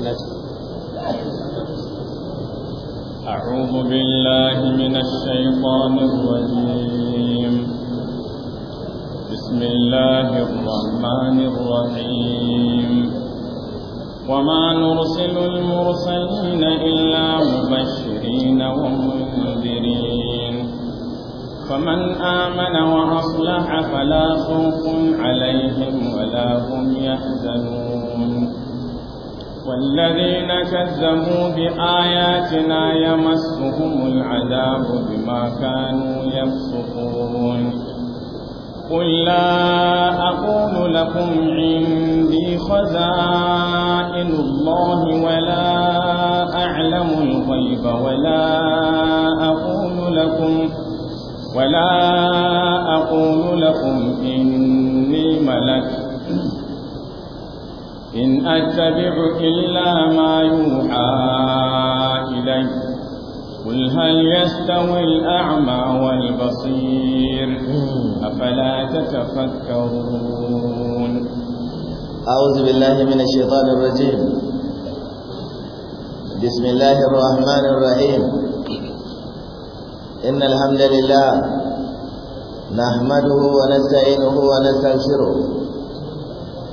ليلة أعوذ بالله من الشيطان الرجيم بسم الله الرحمن الرحيم وما نرسل المرسلين إلا مبشرين ومنذرين فمن آمن وأصلح فلا خوف عليهم ولا هم يحزنون والذين كذبوا بآياتنا يمسهم العذاب بما كانوا يفسقون قل لا أقول لكم عندي خزائن الله ولا أعلم الغيب ولا أقول لكم ولا أقول لكم إني ملك إن أتبع إلا ما يوحى إلي قل هل يستوي الأعمى والبصير أفلا تتفكرون أعوذ بالله من الشيطان الرجيم بسم الله الرحمن الرحيم إن الحمد لله نحمده ونستعينه ونستغفره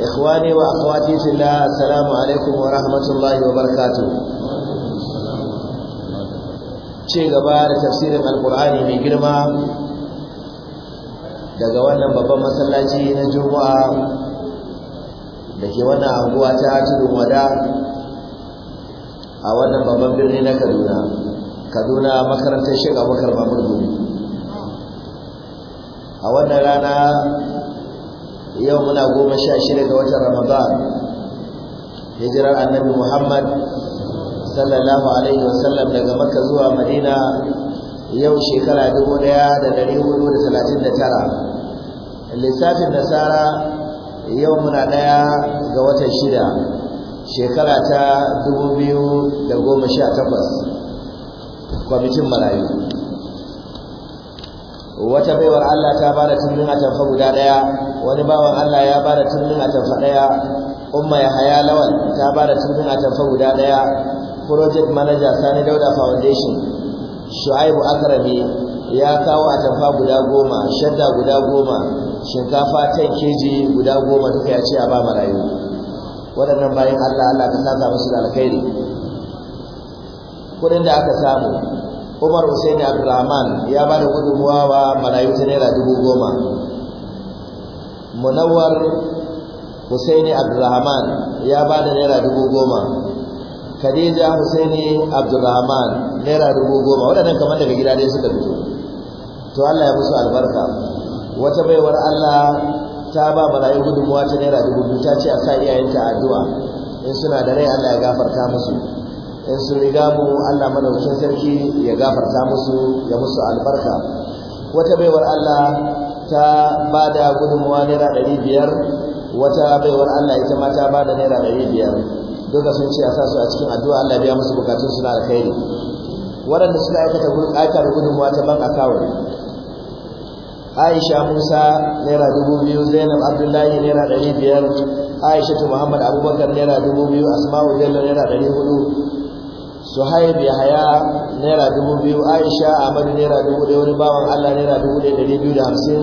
wa وأخواتي في الله alaikum wa ورحمة wa وبركاته ce gaba da tafsirin alkur'ani mai girma daga wannan babban masallaci na juma'a da ke wannan anguwa ta tudun wada a wannan babban birni na kaduna kaduna makarantar shiga bakar babur a wannan rana yau muna goma sha shida ga watan ramadan hijirar annabi muhammad sallallahu alaihi wasallam daga makka zuwa madina yau shekara dubu ɗaya da dari hudu da talatin da tara lissafin nasara yau muna ɗaya ga watan shida shekara ta dubu biyu da goma sha takwas kwamitin marayu wata baiwar Allah ta bada a atamfa guda daya wani bawan Allah ya bada a atamfa daya umma ya haya lawal ta bada a atamfa guda daya project manager Sani Dauda Foundation Shu'aibu Akrami ya kawo atamfa guda goma shadda guda goma shinkafa 10 kg guda goma duka ya ce a ba marayu waɗannan bayan Allah Allah ka saka musu da alkhairi kudin da aka samu Umar Hussein Abdulrahman ya bada gudunmuwa wa marayu ta naira dubu goma. Munawar Hussein Abdulrahman ya bada naira dubu goma. Khadija Hussein Abdulrahman naira dubu goma. Waɗannan kamar daga gida dai suka fito. To Allah ya musu albarka. Wata baiwar Allah ta ba marayu gudunmuwa ta naira dubu biyu ta ce a sa iyayenta addu'a in suna da rai Allah ya gafarta musu. in sun riga mu Allah madaukakin sarki ya gafarta musu ya musu albarka wata baiwar Allah ta bada gudunmuwa naira ɗari biyar wata baiwar Allah ita ma ta bada naira ɗari biyar duka sun ce a sa su a cikin addu'a Allah biya musu bukatun su na alkhairi waɗanda suka aikata gurƙatar gudunmuwa ta ban akawun Aisha Musa naira dubu biyu Zainab Abdullahi naira ɗari biyar Aisha Muhammad Abubakar naira dubu biyu Asma'u Bello naira ɗari hudu suhaib yahaya naira dubu biyu aisha Amadu naira dubu ɗaya wani bawan allah naira dubu ɗaya ɗari biyu da hamsin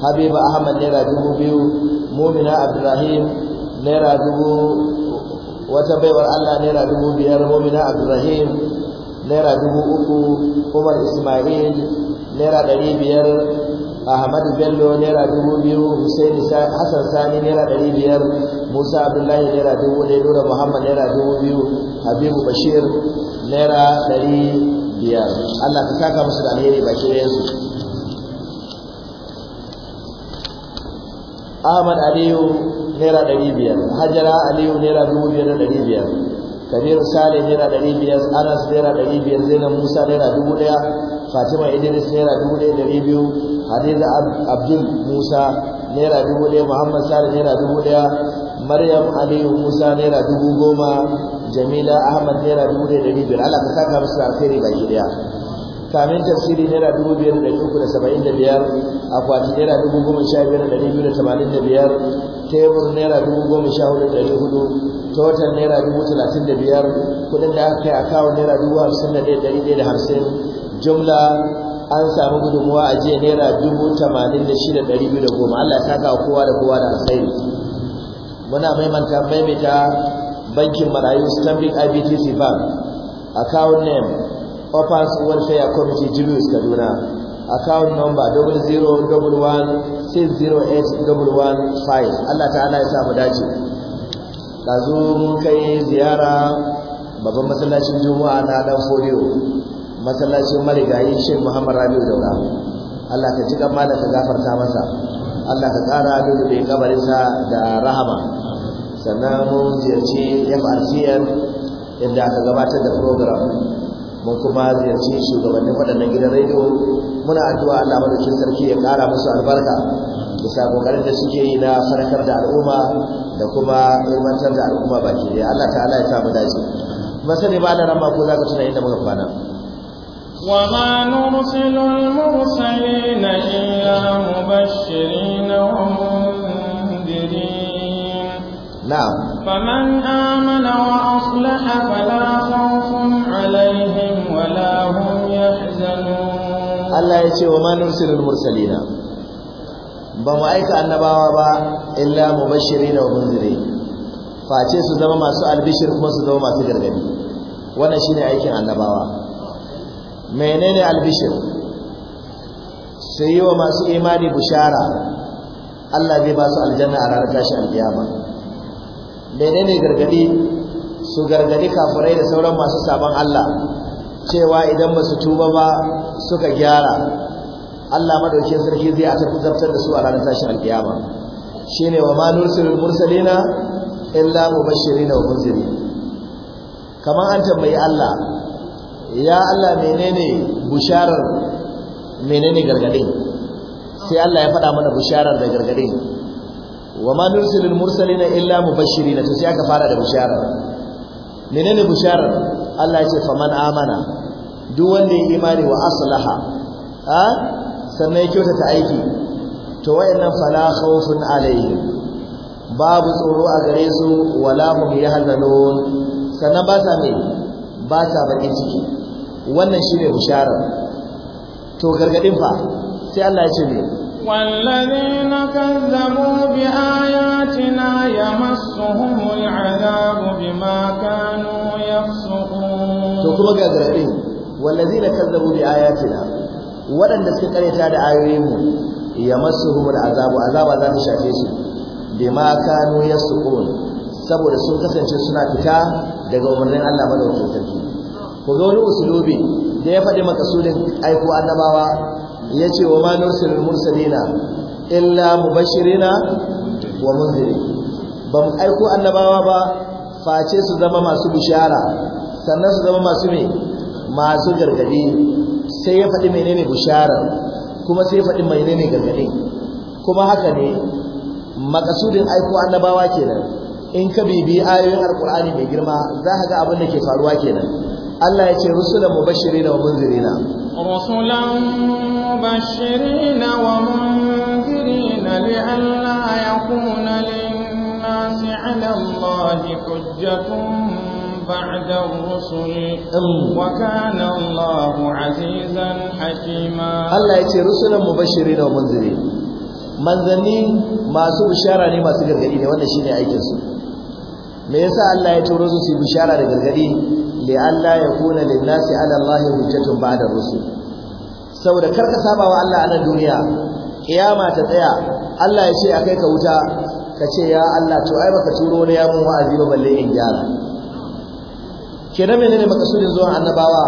habiba ahmad naira dubu biyu mumina abdulrahim naira dubu wata baiwar allah naira dubu biyar mumina abdulrahim naira dubu uku umar ismail naira ɗari biyar Ahmad Bello naira dubu biyu Hussein Hassan Sani naira ɗari biyar Musa Abdullahi naira dubu ɗaya Nura Muhammad naira dubu biyu Habibu Bashir naira ɗari biyar Allah ka saka musu da alheri baki ɗayansu Ahmad Aliyu naira ɗari biyar Hajara Aliyu naira dubu biyar da ɗari biyar kabiru salih naira ɗari biyar anas naira ɗari biyar zainab musa naira dubu ɗaya fatima idris naira dubu ɗaya ɗari biyu hadiza abdul musa naira dubu ɗaya muhammad Sale naira dubu ɗaya maryam aliyu musa naira dubu goma jamila ahmad naira dubu ɗaya ɗari biyar allah ka saka musu alheri baki ɗaya kamin tafsiri naira dubu biyar da dubu uku da saba'in da biyar akwati naira dubu goma sha biyar da ɗari biyu da tamanin da biyar tebur naira dubu goma sha hudu da ɗari hudu total naira dubu talatin da biyar kuɗin da aka kai a kawo naira dubu hamsin da ɗaya ɗari ɗaya da hamsin jumla an samu gudunmuwa a jiya naira dubu tamanin da shida ɗari biyu da goma Allah ya saka kowa da kowa da alkhairi muna maimanta maimaita bankin marayu stanbic ibtc bank account name Offers Welfare Committee Julius Kaduna. Account number 0011608115. Allah ta'ala ya samu dace. Dazu mun kai ziyara babban masallacin Juma'a na Dan Fodiyo. Masallacin marigayi Sheikh Muhammad Rabiu Daura. Allah ka ji kan malaka gafarta masa. Allah ka tsara lulube kabarinsa da rahama. Sannan mun ziyarci MRCN inda aka gabatar da program. mun kuma ziyarci shugabannin waɗannan gidan rediyo muna addu'a Allah madaukin sarki ya ƙara musu albarka bisa kokarin da suke yi na farkar da al'umma da kuma ilmantar da al'umma baki ɗaya Allah ta'ala ya mu dace kuma sani ba da rama ko za ka tuna inda muka kwana وما نرسل المرسلين إلا مبشرين ومنذرين نعم فمن آمن وأصلح فلا خوف عليهم Allah ma nun يحزنون الله يجي وما نرسل المرسلين بما أيك النبوة با إلا مبشرين ومنذرين face su zama masu albishir kuma su zama masu gargadi wannan shine aikin annabawa menene albishir sai yi wa masu imani bushara Allah zai ba su aljanna a ranar tashin alkiyama menene gargadi su gargadi kafirai da sauran masu sabon Allah cewa idan ba su tuba ba suka gyara Allah madauke sarki zai a tafi zartar da su a ranar tashin alkiyama shine wa ma nursilul mursalina illa mubashirina wa munzirin kamar an tambayi Allah ya Allah menene busharar menene gargadin sai Allah ya faɗa mana busharar da gargadin wa ma nursilul mursalina illa mubashirina to sai aka fara da busharar menene busharar Allah ya ce faman amana duk wanda ya imani wa aslaha a sannan ya kyautata aiki to wayannan fala khawfun alaihim babu tsoro a gare su wala hum yahzanun sannan ba ta mai ba ta bakin ciki wannan shine bishara to gargadin fa sai Allah ya ce me والذين كذبوا بآياتنا يمسهم العذاب بما كانوا يفسقون to kuma ga gargadin wallazina kazzabu bi ayatina waɗanda suka karyata da ayoyin mu yamassuhumul azabu azaba za ta shafe su bima kanu yasqun saboda sun kasance suna fita daga umarnin Allah madaukakin sarki ko ga wani usulubi da ya faɗi makasudin aiko annabawa ya ce wa ma nursilul mursalina illa mubashirina wa munziri ba mu aiko annabawa ba face su zama masu bishara sannan su zama masu me masu gargadi sai ya faɗi menene bisharar kuma sai ya faɗi menene gargadin kuma haka ne makasudin aiko annabawa kenan in ka bibi ayoyin alkur'ani mai girma za ka ga abin da ke faruwa kenan Allah ya ce rusula mubashirin wa munzirina rusulan mubashirin wa munzirin li'alla yakuna lin-nasi 'ala Allah hujjatun بعد الرسل وكان الله عزيزا حكيما الله يتي رسلا مبشرين ومنذرين manzanni masu bishara ne masu gargadi ne wannan shine aikin su me yasa Allah ya turo su su bishara da gargadi li Allah ya kuna lin nasi ala Allah hujjatun ba'da rusul saboda kar saba wa Allah a nan duniya kiyama ta tsaya Allah ya ce akai ka wuta ka ce ya Allah to ai baka turo wani ya mun wa'azi ba balle in gyara kenan menene makasudin zuwa annabawa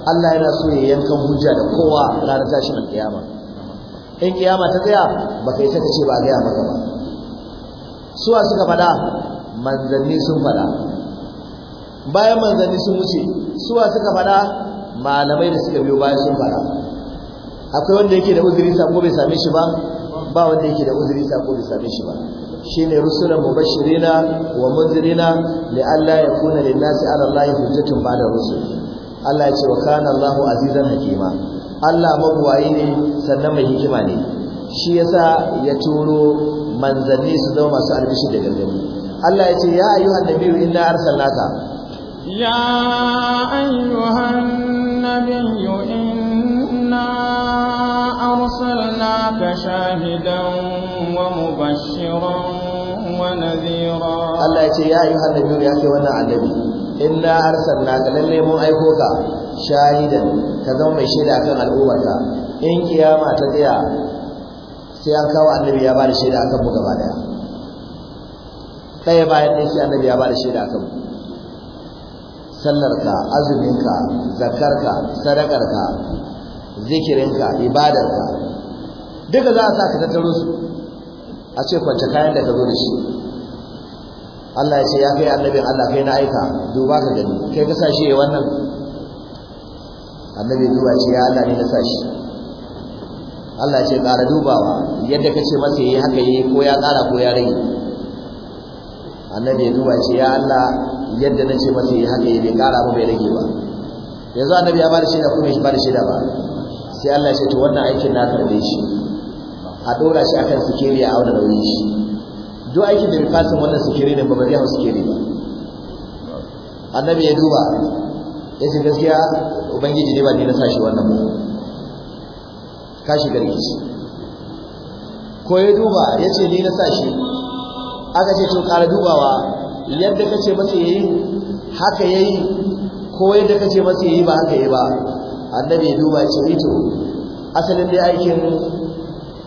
Allah yana so ya yankan hujja da kowa ranar tashin kiyama in kiyama ta tsaya kai ta kace ba ga maka ba Su wa suka fada manzanni sun fada bayan manzanni sun wuce su wa suka fada malamai da suka biyo bayan sun fada akwai wanda yake da uzuri sako bai same shi ba ba wanda yake da uzuri sako bai same shi ba shine rusulan mubashirina wa munzirina li'alla yakuna lin-nasi 'ala Allahi hujjatun ba'da rusul Allah ya ce wa kana Allahu azizan hakima Allah mabuwayi ne sannan mai hikima ne shi yasa ya turo manzanni su zama masu albishi da gargadi Allah ya ce ya ayyuhan nabiyyu inna arsalnaka ya ayyuhan nabiyyu inna أرسلناك شاهدا ومبشرا ونذيرا الله يتي يا أيها النبي يا أخي وانا النبي إنا أرسلناك للي من أيكوك شاهدا كذا ما يشهد أكن الأمة إن قيامة تديا سيانكا والنبي يا بار شهد أكن بقبالها ɗaya bayan ɗaya sai annabi ya bada shaida akan sallarka azuminka zakarka sadakarka zikirinka ibadarka duka za a sa ka tattaro su a ce kwance kayan da ka zo da shi Allah ya ce ya kai annabin Allah kai na aika duba ka gani kai ka sa shi ya wannan annabi duba ce ya Allah ne na sa shi Allah ya ce ƙara dubawa yadda ka ce masa yi haka yi ko ya ƙara ko ya rage annabi duba ce ya Allah yadda na ce masa yi haka yi bai ƙara ba bai rage ba yanzu annabi ya ba da shaida ko bai ba da shaida ba sai Allah ya ce to wannan aikin na karbe shi a dora shi akan sikiri a auna nauyin shi duk aikin da bai fasa wannan sikeli ne ba ba hau ba annabi ya duba ya ce gaskiya ubangiji ne ba ne na sa shi wannan mu ka shiga rikici ko ya duba ya ce ni na sa shi aka ce cin kara dubawa yadda ka ce masa yayi haka yayi ko yadda ka ce masa yayi ba haka yayi ba annabi ya duba ya ce ito asalin dai aikin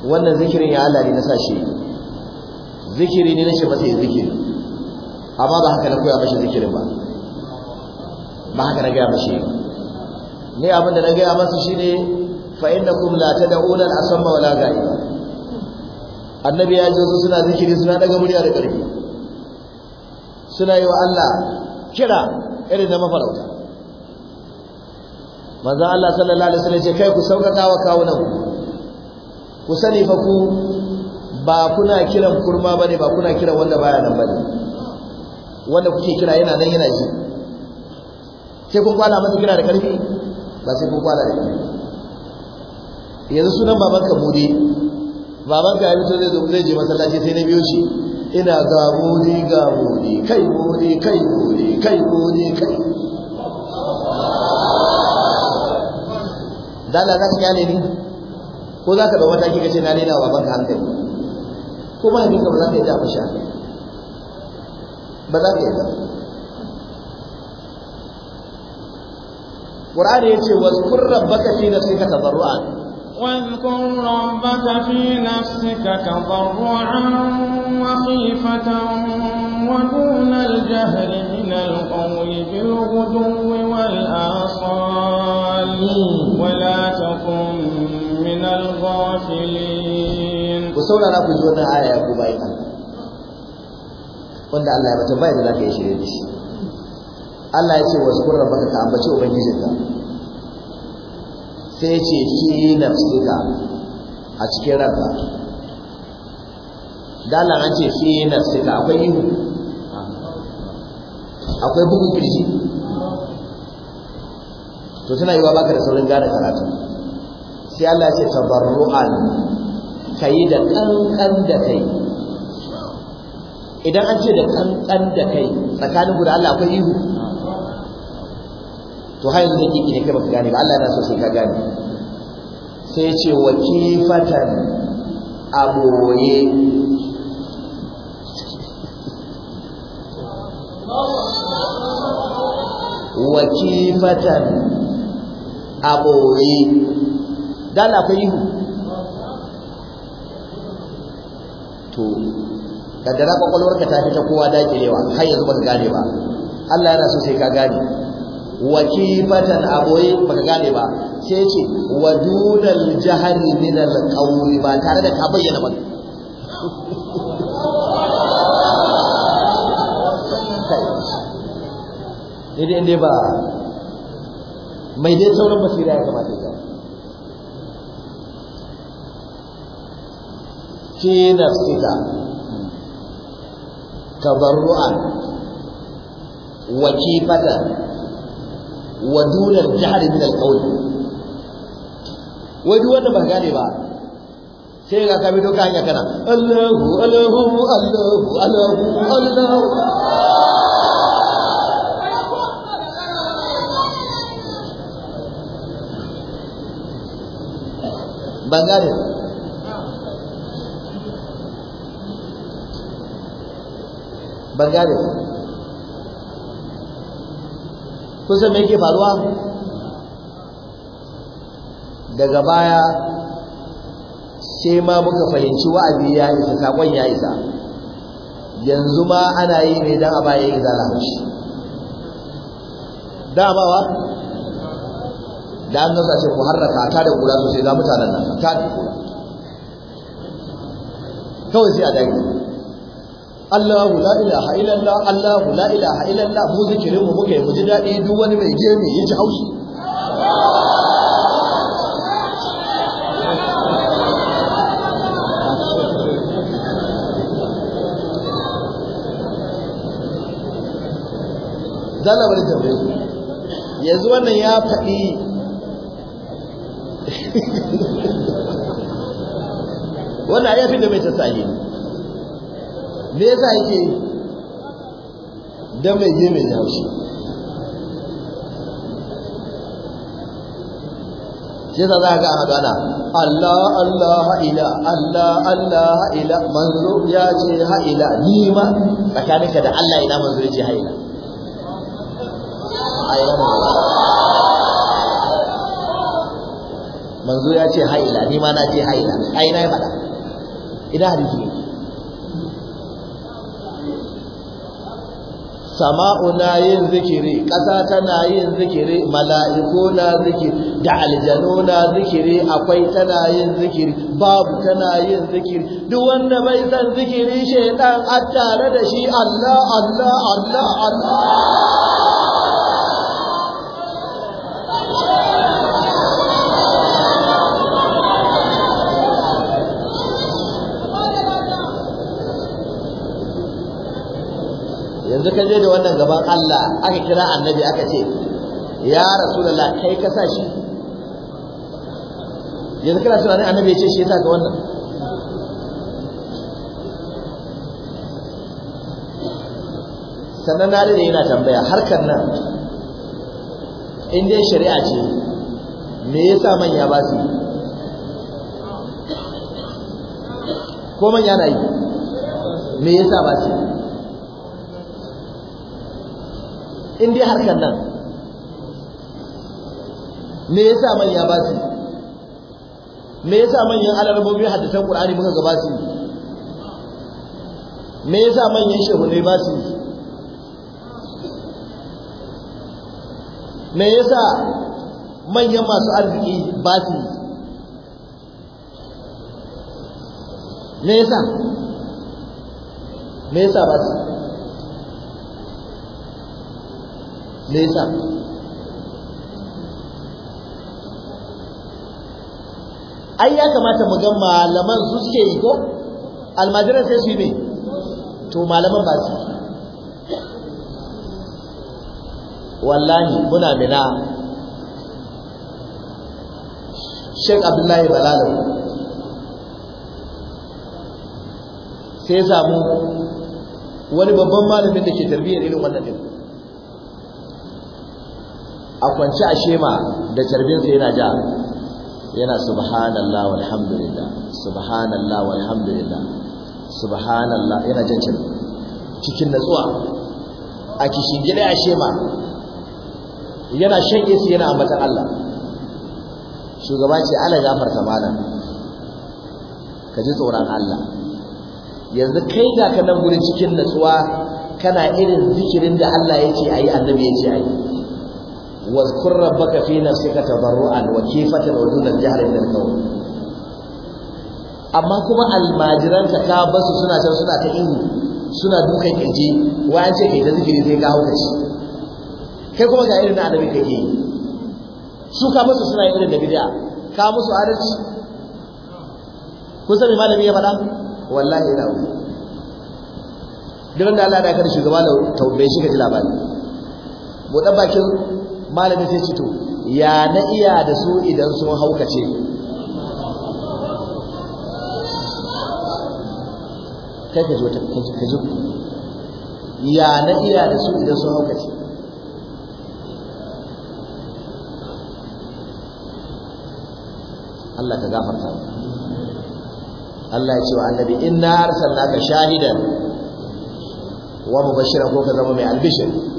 wannan zikirin ya Allah ne na sashi zikiri ne na shi masa zikiri amma ba haka na koya mashi zikirin ba ba haka na gaya mashi ne abinda na gaya masa shine fa innakum la tad'una al-asamma wala ghaiba annabi ya ji wasu suna zikiri suna daga murya da ƙarfi suna yi wa Allah kira irin na mafarauta manzon Allah sallallahu alaihi wasallam ya ce kai ku sauƙaƙa wa kawunan ku ku sani fa ku ba kuna kiran kurma bane ba kuna kiran wanda baya nan bane wanda kuke kira yana nan yana ji sai kun kwala masa kira da karfi ba sai kun kwala da karfi yanzu sunan babanka bude babanka ya fito zai zo zai je masallaci sai na biyo shi ina ga bude ga bude kai bude kai bude kai bude kai dala za ka ni ko za ka ɗau mataki ka ce na daina wa banka hankali ko ba hakinka ba za ka yi da mashi ba za ka yi da Qur'ani ya ce wasu kurran baka fi nafsika tabarru'an واذكر ربك في نفسك تضرعا وخيفة ودون الجهل من القول بالغدو والآصال ولا تكن من الغافلين وسولا لك جوانا آية أبو بايتا wanda Allah ya mutum bai da lafiya shirye da shi Allah ya ce wasu kurra baka ka ambaci ubangijinka sai ce fi nafsika a cikin ranka dalan an ce fi nafsika akwai ihu akwai bugun kirji to tana yiwa baka da saurin gane karatu sai Allah ya ce tabarru'an kai da kankan da kai idan an ce da kankan da kai tsakanin guda Allah akwai ihu to har yanzu kike ne kai baka gane ba Allah yana so sai ka gane sai ce wa kifatan aboye wa kifatan aboye dan kai ihu to kaddara ka ta fi ta kowa dakilewa har yanzu baka gane ba Allah yana so sai ka gane wakifatan aboye baka gane ba sai ce wa dunal jahari min al qawli ba tare da ka bayyana ba idan dai ba mai dai sauran basira ya kamata ya fi nafsika tabarru'an wa wakifatan. wa dunar jihar min alƙawli wai duk wanda ba gane ba sai ga ka fito ka kana Allahu Allahu Allahu Allahu kun san me yake faruwa daga baya sai ma muka fahimci wa'azi ya isa sakon ya isa yanzu ma ana yi ne dan a baya ya zala haushi damawa da an nasa ce ku harraka ta da kula sosai ga mutanen nan ta da kula kawai sai a dage Allahu la ilaha illallah Allahu la ilaha illallah mu zikirin mu muka mu ji daɗi duk wani mai gemi ya ji haushi zalabar jabe yanzu wannan ya faɗi wannan ya fi da mai ta me yasa yake yi dan mai je mai jawo shi shi za a ga ana gana Allah Allah ila Allah Allah ila manzo ya ce ha ila ni ma tsakaninka da Allah ina manzo ya ce ha ila manzo ya ce ha ila ni ma na ce ha ila ai na yi faɗa ina hadisi sama'u na yin zikiri ƙasa tana yin zikiri mala'iku na zikiri da aljanu na zikiri akwai tana yin zikiri babu tana yin zikiri duk wanda bai san zikiri shaidan a tare da shi Allah Allah Allah Allah yanzu ka je da wannan gaban Allah aka kira annabi aka ce ya rasulullah kai ka sa shi yanzu kana tunanin annabi ya ce shi ya sa ka wannan sannan na da yana tambaya harkar nan in dai shari'a ce me yasa manya ba su ko manya na yi me yasa ba su in dai harkar nan me yasa manya ba su me yasa manyan alarbobi hadisan qur'ani muka gaba su me yasa manyan shehunai ba su me yasa manyan masu arziki ba su me yasa me yasa ba su me yasa ai ya kamata mu ga malaman su suke yi ko almajiran sai su yi me to malaman ba su wallahi muna mina Sheikh Abdullahi Balalau sai samu wani babban malamin da ke tarbiyyar irin wannan din a kwanci a shema da carbinsa yana ja yana subhanallah walhamdulillah subhanallah walhamdulillah subhanallah yana jan carbi cikin natsuwa a kishin gida a shema yana shan yesu yana ambatan Allah shugaba ce ala gafarta malam ka ji tsoron Allah yanzu kai ga ka nan wurin cikin natsuwa kana irin zikirin da Allah ya ce ayi annabi ya ce yi. واذكر ربك في نفسك تضرعا وكيفة ودون الجهر من القول amma kuma almajiran ka basu suna can suna ta ihu suna dukan kirji wai an ce kai ta zikiri sai ka haukaci kai kuma ga irin da annabi kake yi su ka basu suna irin da bid'a ka musu adalci kun san malami ya faɗa wallahi da kada labari bakin Malami sai ce to ya na iya da su idan sun haukace kai ka ta wata ka zo? ya na iya da su idan sun haukace Allah ka gafarta Allah ya ce wa annabi inna arsalnaka shahidan wa mubashiran ko ka zama mai albishir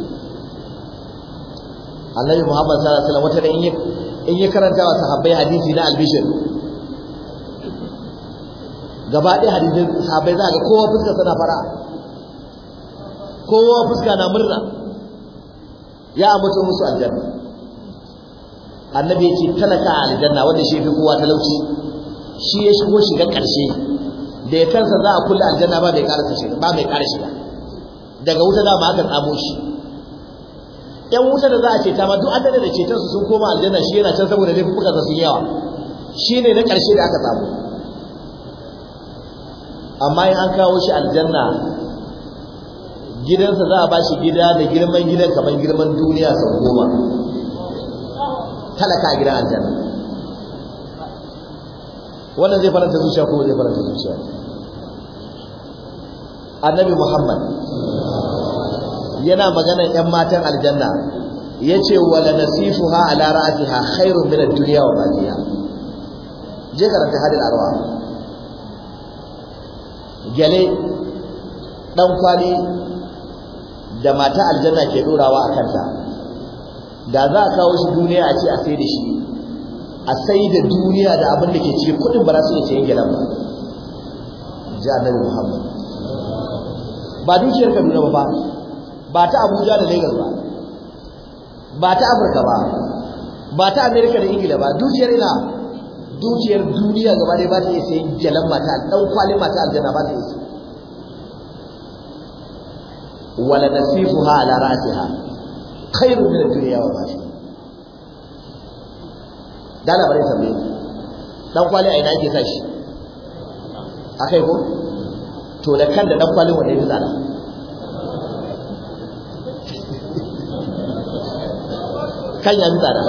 annabi muhammad sallallahu alaihi wasallam wata da in yi karanta wa sahabbai hadisi na albishir gaba ɗaya hadisin sahabbai za ga kowa fuska suna fara kowa fuska na murna ya amince musu aljanna annabi ya ce talaka aljanna wanda shi fi kowa talauci shi ya shigo shiga ƙarshe da ya kansa za a kulle aljanna ba mai ƙara shiga daga wuta da ba aka tsamo shi yan wuta da za a ceta ma duk an da ceton su sun koma aljanna shi yana can saboda laifuka kuka sun yawa. yawa shine na ƙarshe da aka samu amma in an kawo shi aljanna gidansa za a ba shi gida da girman gidan kamar girman duniya sau goma talaka a gidan aljanna wannan zai faranta zuciya ko zai faranta zuciya annabi muhammad yana maganar ƴan matan aljanna yace wala nasifuha ala ra'atiha khairun min ad-dunya wa ma je karanta hadin arwa gele dan kwali da mata aljanna ke dorawa a kanta da za a kawo shi duniya a ce a sai da shi a sai da duniya da abin da ke ci kudin ba za su ce yin gelan ba ji annabi muhammad ba dukiyar kaduna ba ba ta Abuja da Lagos ba ba ta Afirka ba ba ta Amerika da Ingila ba dukiyar ina dukiyar duniya gaba ne ba ta iya sayan jalan mata dan kwalin mata aljanna ba ta iya wala nasifuha ala ra'siha khairu min da dunya wa ma fiha dala bare tambaye dan kwali a ina ake sashi a akai ko to da kan da dan kwalin wanda ya fi tsada kan ya tsada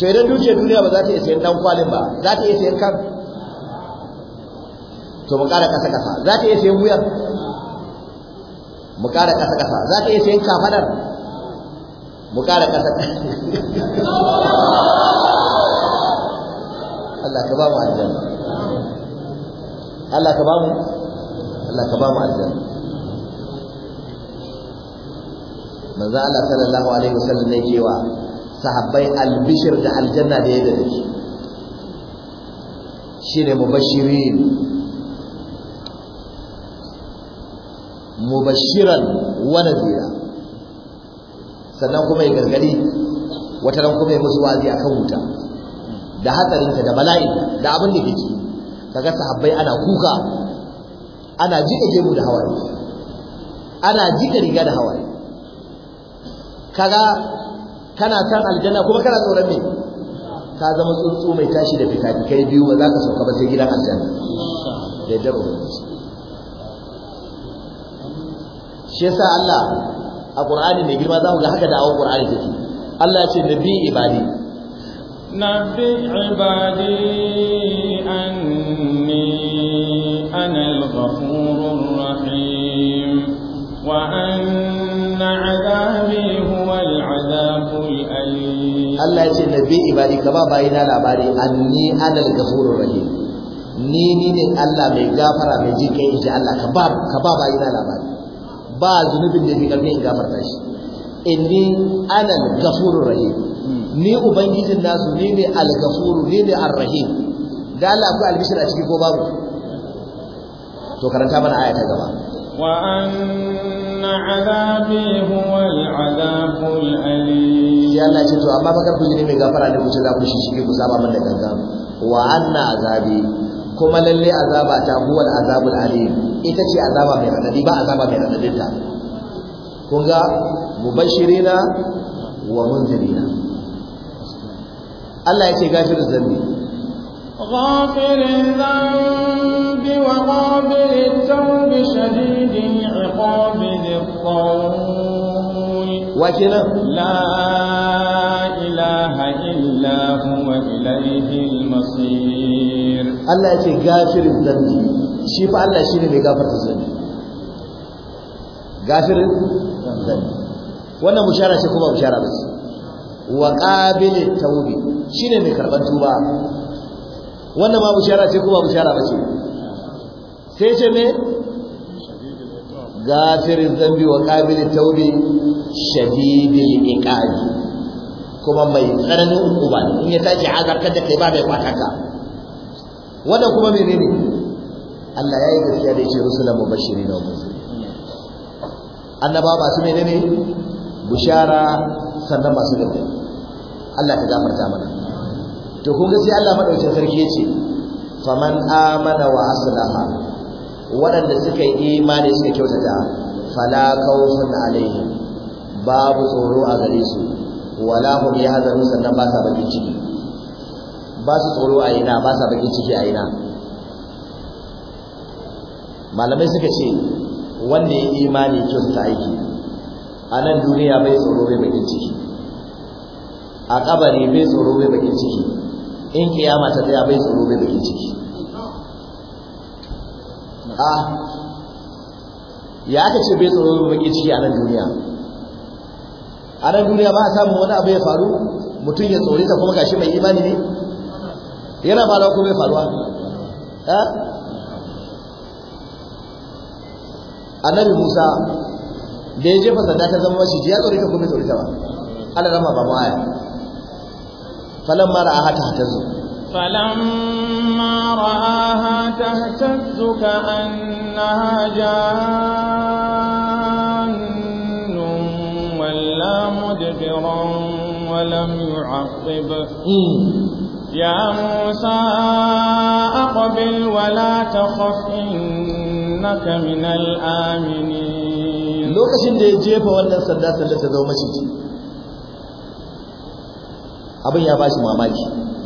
to idan dukiyar duniya ba za ta iya sayan dan kwalin ba za ta iya sayan kan to mu ƙara ƙasa ƙasa za ta iya sayan wuyar mu ƙara ƙasa ƙasa za ta iya sayan kafadar mu ƙara ƙasa Allah ka ba mu aljanna Allah ka ba mu Allah ka ba mu aljanna manzo Allah sallallahu alaihi wasallam ne cewa sahabbai albishir da aljanna da yadda Shi shine mubashirin mubashiran wa nadira sannan kuma ya gargadi wata ran kuma ya musu wazi akan wuta da ta da bala'i da abin da ke kaga sahabbai ana kuka ana jika gemu da hawaye ana jika riga da hawaye kaga kana kan aljanna kuma kana tsoron me ka zama tsuntsu mai tashi da fikafikai biyu ba za ka sauka ba sai gidan aljanna da yadda ubangiji shi yasa Allah a Qur'ani mai girma za mu ga haka da awon Qur'ani take Allah ya ce nabi ibadi nabi ibadi anni ana al-ghafurur rahim wa anna 'adabi Allah ya ce nabi ibadi ka ba bayi na labari anni anal ghafurur rahim ni ni ne Allah mai gafara mai jin kai inji Allah ka ba ka ba bayina labari ba zunubin da yake karne in gafarta shi inni anal ghafurur rahim ni ubangijin nasu ni ne al ghafuru ni ne ar rahim da Allah akwai albishir a ciki ko babu to karanta mana aya ta gaba وأن عذابي هو العذاب الأليم يا الله ce to amma baka kuje ne mai gafara da kuce za ku shi ku saba min da ganga wa anna azabi kuma lalle azaba ta huwa azabul alim ita ce azaba mai radadi ba azaba mai ta ga wa Allah غافر الذنب وقابل التوب شديد العقاب ذي الطول وكنا لا إله إلا هو إليه المصير الله يتي غافر الذنب شيف الله شيني مي غافر الذنب غافر الذنب wannan bushara ce kuma bushara ba ce wa qabilit tawbi shine mai karban tuba wannan ma bushara ce ko ba bushara ba ce sai ce me gafirin zambi wa ƙabili taubi shadidil iqabi kuma mai tsananin hukuma in ya tashi azartar da kai ba mai kwataka wannan kuma menene Allah ya yi gaskiya da yake rusulan mubashiri na munziri annaba ba masu menene bushara sannan masu gaskiya Allah ta gafarta mana to kun ga sai Allah madaukakin sarki yace faman amana wa aslaha waɗanda suka yi imani suka kyautata fala khawfun alaihim babu tsoro a gare su wala hum yahzanun sannan ba sa bakin ciki ba su tsoro a ina ba sa bakin ciki a ina malamai suka ce wanda ya imani kyautata aiki a nan duniya bai tsoro bai bakin ciki a kabari bai tsoro bai bakin ciki in kiyama ta tsaya bai tsoro bai bakin ciki a ah. ya aka ce bai tsoro bai bakin ciki a nan duniya a nan duniya ba a samun wani abu ya faru mutum ya tsori ta kuma gashi mai imani ne yana ba ko bai faruwa eh? annabi musa da ya jefa sanda ta zama maciji ya tsori ta kuma tsori ta ba ala rama ba mu aya فلما رآها تهتز فلما رآها تهتز كأنها جان ولا مدبرا ولم يعقب يا موسى أقبل ولا تخف إنك من الآمنين لوكشن da ya jefa wannan sanda sallar ta zama maciji abin ya bashi mamaki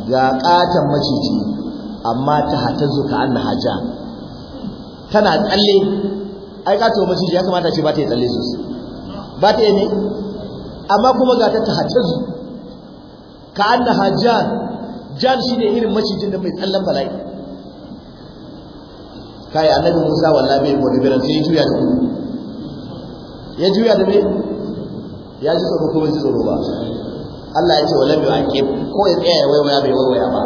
ga katan maciji amma ta hatazu ka annaha haja tana tsalle ai to maciji ya kamata ce ba ta yi tsalle sosai ba ta yi ne amma kuma ga ta ta hatazu ka anna haja jan ne irin macijin da mai tsallan bala'i kai annabi Musa wallahi bai mu ribiran sai juya da ya juya da me ya ji tsoro ko bai ji tsoro ba Allah ya ce wala lamu ake ko ya tsaya ya waiwaya bai waiwaya ba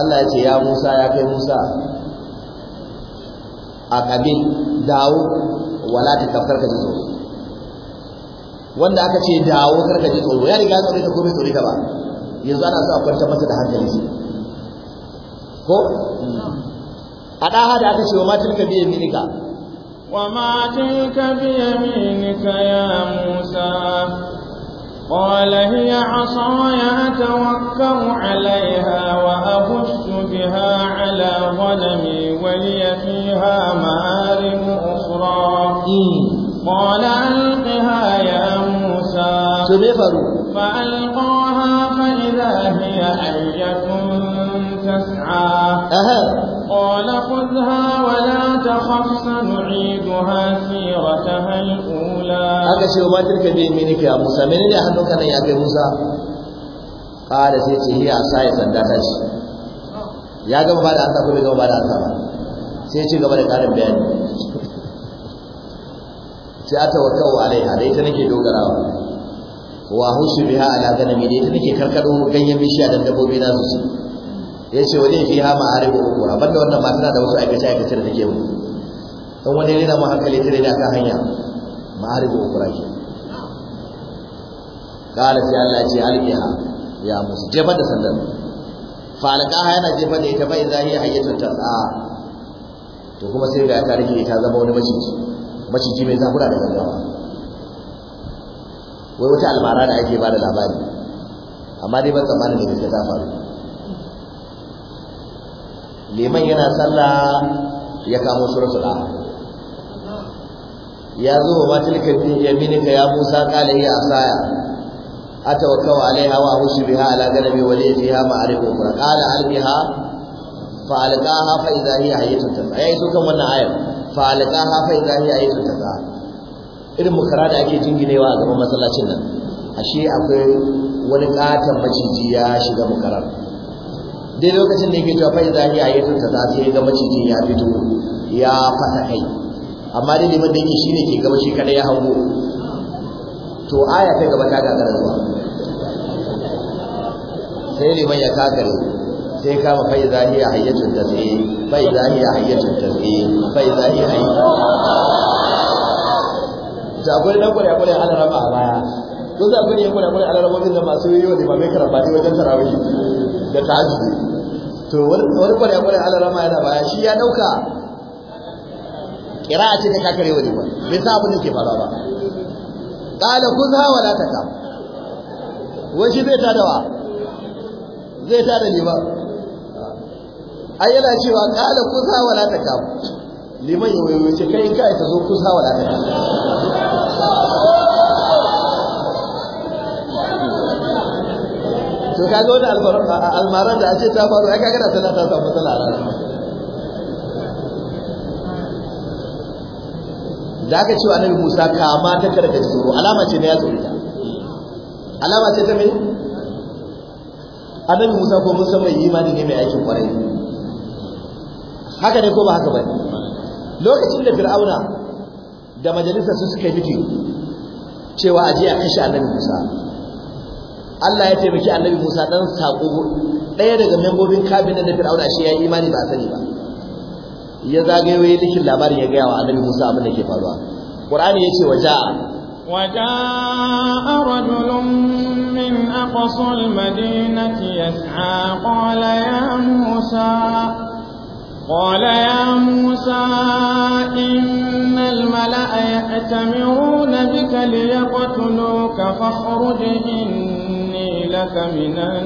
Allah ya ce ya Musa ya kai Musa a kabil dawo wala ta tafkar ka ji tsoro wanda aka ce dawo ka ji tsoro ya riga tsoro ta komai tsoro ta ba yanzu ana sa kwanta masa da hankali shi ko a daha da aka ce wa matilka biye minika وما تلك بيمينك يا موسى قال هي عصاي أتوكأ عليها وأهش بها على غنمي ولي فيها مآرب أخرى إيه. قال ألقها يا موسى فألقاها فإذا هي حية تسعى قال خذها ولا تخف سنعيدها سيرتها الأولى هذا شيء ما تلك بيمينك يا موسى من اللي أهلك أنا يا موسى قال سيتي هي عصاي سنداتك ya gama ba da ansa ko bai gama ba da sai ya ci gaba da karin bayani sai a tawakkau alaiha da ita nake dogarawa wa ala ganyen bishiya ya ce wani fi hama a ribin ukura banda wannan masu da wasu aikace aikace da take wani don wani ne na mu hankali tare da aka hanya ma'aribu uku rashi kala sai Allah ce alqiha ya musu jefa da sandar falqaha yana jefa da ita bai zahiya hayyatun tas'a to kuma sai ga ta rike ta zama wani maciji maciji mai zabura da gaggawa wai wata almara da ake bada labari amma dai ban tsammanin da gaske ta faru liman yana sallah ya kamo suratu da. ya zo wa tilka fi yaminika ya musa kala iya asaya atawakkau alaiha wa ahushu biha ala ganabi wa li fiha ma'arifu ukhra kala alqiha fa hafa fa idha hiya hayatun tas'a yayi to kan wannan ayar fa hafa fa idha hiya hayatun tas'a irin mukara da ake jinginewa a gaban masallacin nan ashe akwai wani katon maciji ya shiga mukarar dai lokacin da yake to fa idan ya yi ta za sai ga macijin ya fito ya fata kai amma dai liman da yake shine ke gaba shi kada ya hango to aya ta gaba ta gagara zuwa sai liman ya kakare sai kama fa idan ya ayatun ta sai fa idan ya ayatun ta sai fa idan ya ayatun ta na dan kure kure alarama a baya ko za ku ne gure kure alarama din da masu da wa mai karabati wajen tarawih da tahajjudi to wani kwarya kwarya Allah rama yana baya shi ya dauka kira'a ce ta kakare wani ba bai sa abin da ke fara ba qala khudha wa la takam washi zai tada wa zai tada liman ai yana cewa qala khudha wa la takam liman yawaye ce kai kai ta zo khudha wa la takam to kaga wani almaran da ake ta faru ai kaga da ta samu tana a da aka ce wa annabi Musa kama ta karka ji tsoro alama ce na ya tsoro alama ce ta mai annabi Musa ko musa mai imani ne mai aikin kwarai haka ne ko ba haka ba lokacin da fir'auna da majalisar su suka yi cewa aje a kashe annabi Musa Allah ya taimaki annabi Musa dan sako ɗaya daga membobin kabinet da Fir'auna shi ya yi imani ba sani ba ya zagaye ya labarin ya gaya wa annabi Musa abin da ke faruwa Qur'ani yace waja'a وجاء رجل من أقصى المدينة يسعى قال يا موسى قال يا موسى إن الملأ يأتمرون بك ليقتلوك فاخرج إن innaka minan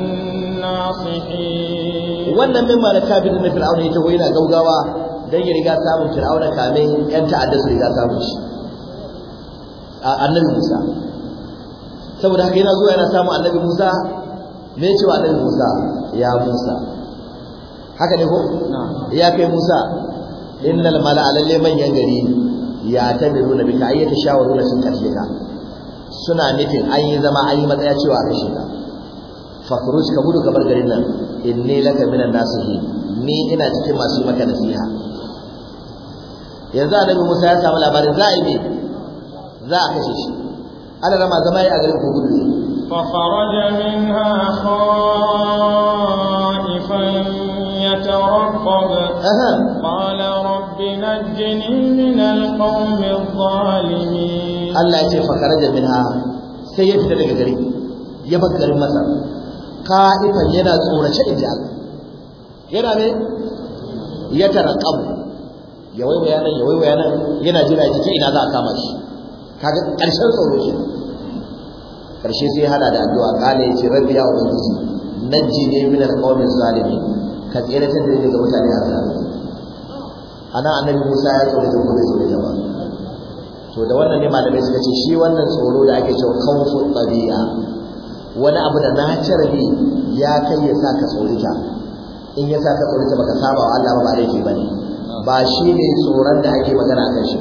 nasihin wannan min malaka bin mai fir'auna ya wai na gaugawa dan ya riga samun fir'auna kamin yan ta'adda su riga samun shi annabi Musa saboda haka yana zuwa yana samun annabi Musa me ya ce wa annabi Musa ya Musa haka ne ko ya kai Musa innal mala'a lalle manyan gari ya tamiruna bika ayyata shawaruna sun kashe ka suna nufin an yi zama an yi matsaya cewa kashe ka fakhruj ka gudu kamar garin nan inni laka minan nasihin ni ina cikin masu maka nasiha yanzu annabi Musa ya samu labarin za a yi za a kashe shi ana rama zama yi a garin ko gudu fa faraja minha khaifan yatarqab qala rabbi najjini min alqawmi adh-dhalimin Allah ya ce fa kharaja minha sai ya fita daga gari ya bar garin masa ka'ifan yana tsorace ji Allah yana ne ya tarqabu ya waiwaya nan ya waiwaya nan yana jira jiki ina za a kama shi kaga ƙarshen tsoro shi ƙarshe sai hada da addu'a kale yace rabbi ya ubangiji ne min alqawmi zalimin ka tsere ta dai ga mutane a zalimi ana annabi Musa ya tsore da kuma tsore da ba to da wannan ne malamai suka ce shi wannan tsoro da ake cewa khawfu tabi'a wani abu da naturally ya kai ya sa ka tsorita in ya sa ka tsorita baka saba wa Allah ba ba laifi bane ba shi ne tsoron da ake magana kan shi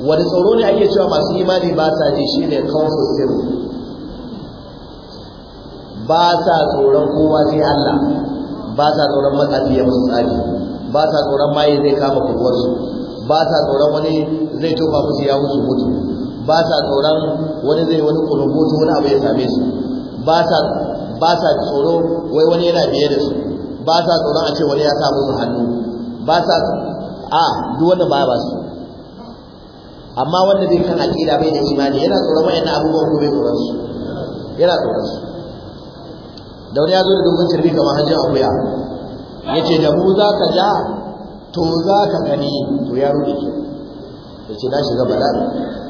wani tsoro ne ake cewa masu imani ba sa ji shi ne kawfu sirri ba sa tsoron kowa sai Allah ba sa tsoron matsafi ya musu tsari ba sa tsoron maye zai kama kubuwarsu ba sa tsoron wani zai tofa musu ya musu mutu ba sa tsoron wani zai wani kurubutu wani abu ya same su ba sa tsoro wai wani yana biye da su ba sa tsoron a ce wani ya samu su hannu ba sa a duk wanda ba ba su amma wanda zai kan aqida bai da imani yana tsoron wayannan abubuwan ko bai tsoron su yana tsoron su da wani ya zo da dogon cirbi kamar hajjin akuya ya ce da mu za ka ja to za ka gani to ya ruɗe ke ya ce na shiga bala'i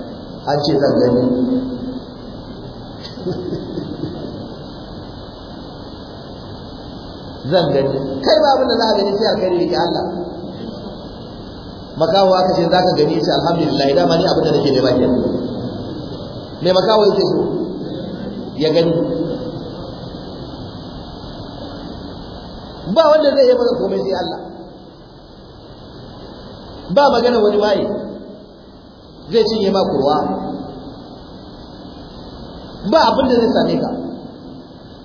an ce zan gani zan gani kai ba abin da za a gani sai alkhairi da Allah makawo aka ce za ka gani ce alhamdulillah ma ni abin da nake nema kenan me makawo yake so ya gani ba wanda zai yi maka komai sai Allah ba magana wani waye zai cinye ba kurwa ba abin da zai same ka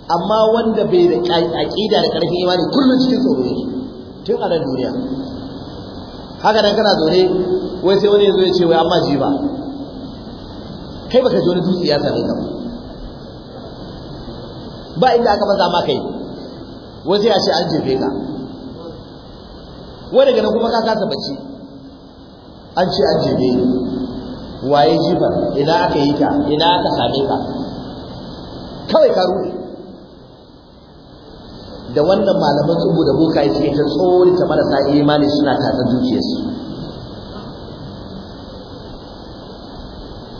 amma wanda bai da aqida da karfin imani kullum cikin tsoro yake tun a nan duniya haka nan kana zaune wai sai wani yanzu ya ce wai amma jiba kai baka ji wani dutse ya same ka ba inda aka maza ma kai wai sai a ce an jefe ka wai daga nan kuma ka kasa bacci an ce an jefe ni waye jiba ina aka yi ta ina aka same ka kawai ka ruɗe da wannan malaman tsubu da boka ya suke ta tsori ta marasa imani suna tatsar dukiyarsu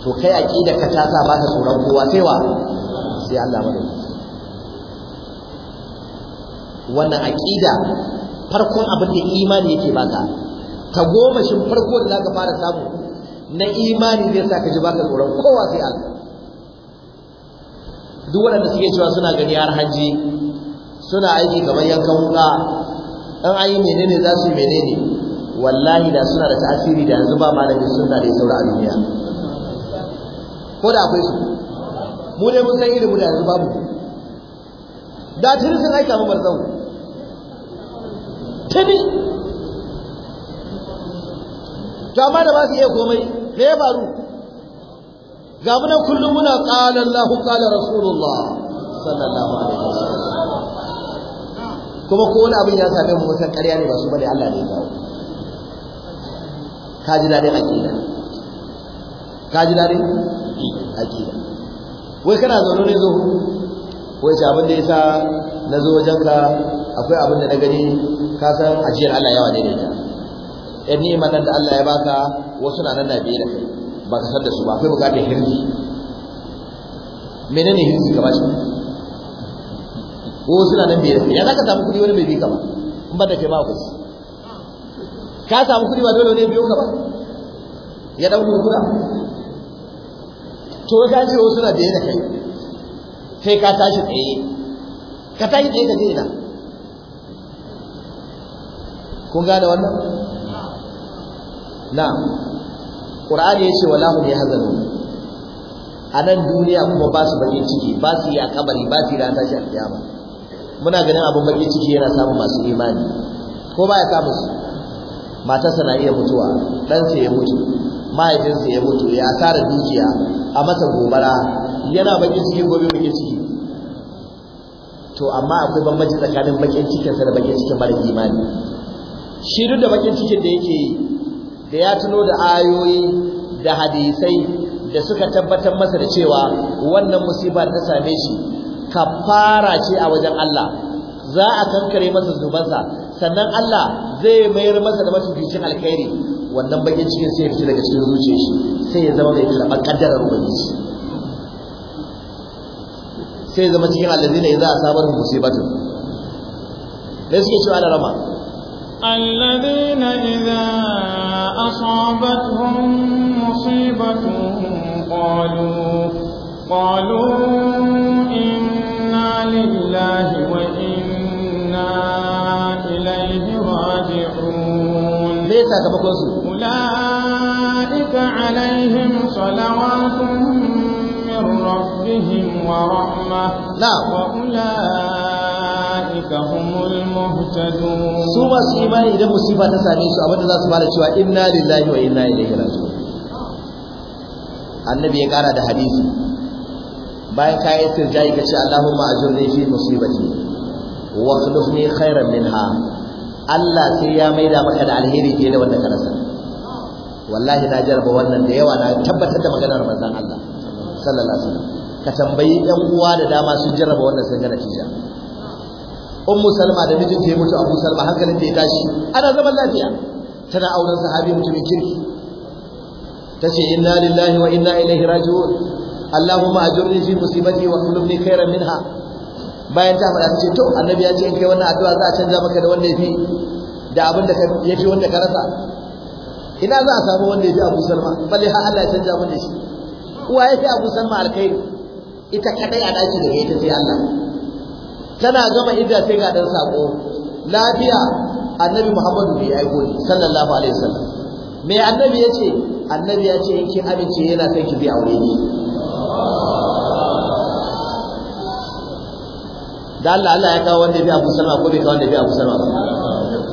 to kai aqida ka ta sa baka tsoron kowa sai wa sai Allah madaukaki wannan aqida farkon abin da imani yake baka ta goma shin farko da zaka fara samu na imani zai sa ka ji baka tsoron kowa sai Allah duk waɗanda suke cewa suna gani har haji suna aiki kamar yankan wuka an ayi menene za su yi menene wallahi da suna da tasiri da yanzu ba malamin sunna da ya saura a duniya ko da akwai su mu ne mun san ilimin da yanzu babu da tuni sun aika mu barzan tuni to amma da ba su iya komai me ya faru ga mu kullum muna qala Allahu qala Rasulullah sallallahu alaihi wasallam kuma ko wani abin ya same mu san ƙarya ne ba su bane Allah ne ya kawo ka ji dadin aqida ka ji dadin aqida wai kana zaune ne zo wai ce abin da yasa na zo wajenka akwai abin da na gani ka san ajiyar Allah yawa ne ne ta yan ni'imar da Allah ya baka wasu na nan na biye da kai ba ka san da su ba kai bukatar hirzi menene hirzi ka bashi wasu na nan biye da kai ya zaka samu kudi wani bai bi ka ba in ba da kai ba ku ka samu kudi ba dole ne biyo ka ba ya dan kura to ka ji wasu na biye da kai sai ka tashi tsaye ka tashi tsaye da je ina kun gane wannan na'am qur'ani yace wallahu bi hazanu a nan duniya kuma ba su bakin ciki ba su yi a kabari ba su yi ran tashi alkiyama muna ganin abin bakin ciki yana samun masu imani ko ba ya samu su matarsa na iya mutuwa sa ya mutu mahaifinsa ya mutu ya tara dukiya a masa gobara yana bakin ciki gobe bakin ciki to amma akwai bambanci tsakanin bakin cikinsa da bakin cikin mara imani shi duk da bakin cikin da yake yi da ya tuno da ayoyi da hadisai da suka tabbatar masa da cewa wannan musiba ta same shi kafara ce a wajen Allah za a kankare masa zubansa sannan Allah zai mayar masa da matubincin alkhairi wannan bakin cikin sai ya fita daga cikin zuciyar shi sai ya zama mai karɓar kaddarar ubangiji sai ya zama cikin allazina idza asabar musibatun da suke cewa da rama الذين إذا أصابتهم مصيبة قالوا قالوا إنا لله وإنا إليه راجعون ليس أولئك عليهم صلوات من ربهم ورحمة لا نعم. وأولئك ulaika humul muhtadun su masu imani idan musiba ta same su abinda za su fara cewa inna lillahi wa inna ilaihi raji'un annabi ya kara da hadisi bayan ka yi sirjayi ka ce Allahumma ajurni fi musibati wa akhlifni khairan minha Allah sai ya maida maka da alheri fiye da wanda ka rasa wallahi na jarraba wannan da yawa na tabbatar da maganar manzon Allah sallallahu alaihi wasallam ka tambayi ɗan uwa da dama sun jarraba wannan sun gana natija ummu salma da mijinta ya mutu abu salma hankalin ta ya tashi ana zaman lafiya tana auren sahabi mutumin kirki tace inna lillahi wa inna ilaihi raji'un allahumma ajurni fi musibati wa khulufni khairan minha bayan ta faɗa tace to annabi ya ce in kai wannan addu'a za a canza maka da wanda yafi da abin da yafi wanda ka rasa ina za a samu wanda yafi abu salma balle har Allah ya canza mun da shi uwa yafi abu salma alkhairi ita kadai a daki da ita sai Allah tana gama idda sai ga dan sako lafiya annabi muhammadu bai yi ni sallallahu alaihi wasallam me annabi yace annabi yace in kin amince yana kai ki bi aure ni da Allah Allah ya kawo wanda bi Abu Salma ko bai kawo wanda bi Abu Salma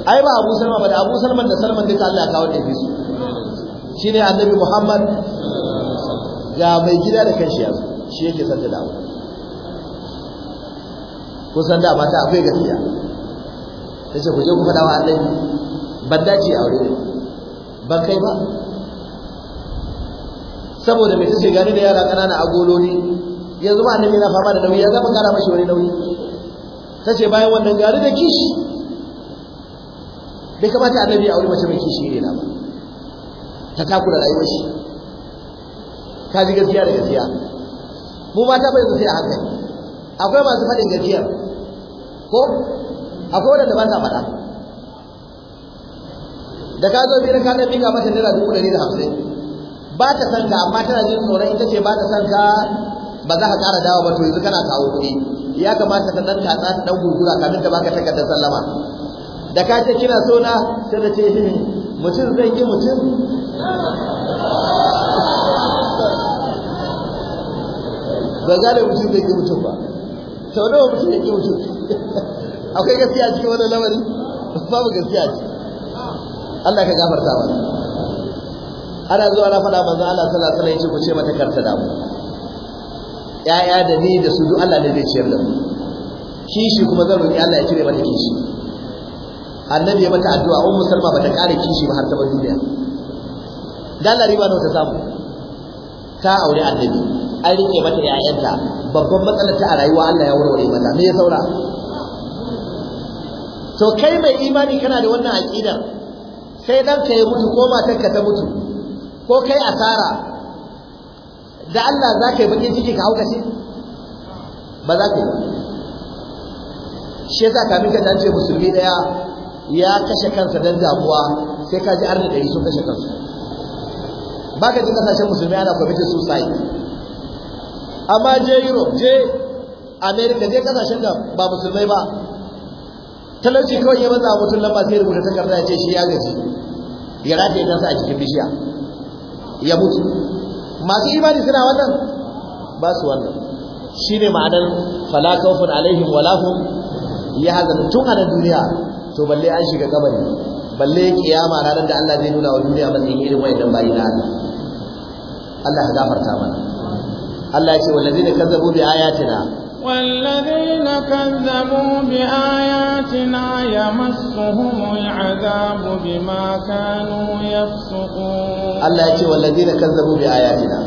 ai ba Abu Salma ba da Abu Salma da Salman duka Allah ya kawo wanda bi su shine annabi Muhammad ga mai gida da kanshi yanzu shi yake santa da aure ko san da mata akwai gaskiya ta ce ku je ku faɗa wa Allah ban dace aure ne ban kai ba saboda mai tace gani da yara ƙanana a yanzu ba annabi na fama da nauyi ya zama kara mashi wani nauyi ta ce bayan wannan gari da kishi bai kamata annabi ya aure mace mai kishi ne na ba ta takura rayuwar shi ka ji gaskiya da gaskiya mu mata bai sai a hankali akwai masu faɗin gajiyar ko akwai wadanda ba sa faɗa da ka zo birnin ka ɗan miƙa mata naira dubu ɗari da hamsin ba ta san ka amma tana jin tsoron ita ce ba ta san ka ba za ka ƙara dawo ba to yanzu kana kawo kuɗi ya kamata ka ɗan tatsa ta ɗan gurgura kafin ta baka takardar sallama da ka ce kina so na sai da ce mutum zai yi mutum ba za da mutum zai yi mutum ba sau nawa mutum ya ƙi mutum akwai gaskiya cikin wannan lamarin babu gaskiya ce Allah ka gafarta wa ana zuwa na faɗa manzo Allah sallallahu alaihi wasallam ya ce ku ce mata karta da mu ƴaƴa da ni da su duk Allah ne zai ciyar da mu kishi kuma zan roƙi Allah ya cire mata kishi annabi ya mata addu'a ummu salma bata ƙara kishi ba har ta bar duniya dan lariba ta samu ta aure annabi an rike mata ƴaƴanta babban matsala ta a rayuwa Allah ya warware mata me ya saura to kai mai imani kana da wannan aqidar sai dan ka ya mutu ko matarka ta mutu ko kai asara da Allah za ka yi bakin ciki ka hauka shi ba za ka yi shi yasa kamin ka dace musulmi daya ya kashe kansa dan damuwa sai ka ji arna ɗari sun kashe kansu ba ka ji kasashen musulmi ana committed suicide amma je Europe je America je kasashen da ba musulmai ba talauci kawai ya matsa mutum lamba sai rubuta takarda ya ce shi ya gaji ya rataye kansa a cikin bishiya ya mutu masu imani suna wannan ba su wannan shine ma'anar fala khawfun alaihim wala hum haza tun a duniya to balle an shiga kabari balle kiyama ranar da Allah zai nuna wa duniya matsayin irin wayannan bayi na Allah Allah ya gafarta mana Allah ya ce wallazina kazzabu bi ayatina wallazina kazzabu bi ayatina yamassuhum azabu bima kanu yafsuqun Allah ya ce wallazina kazzabu bi ayatina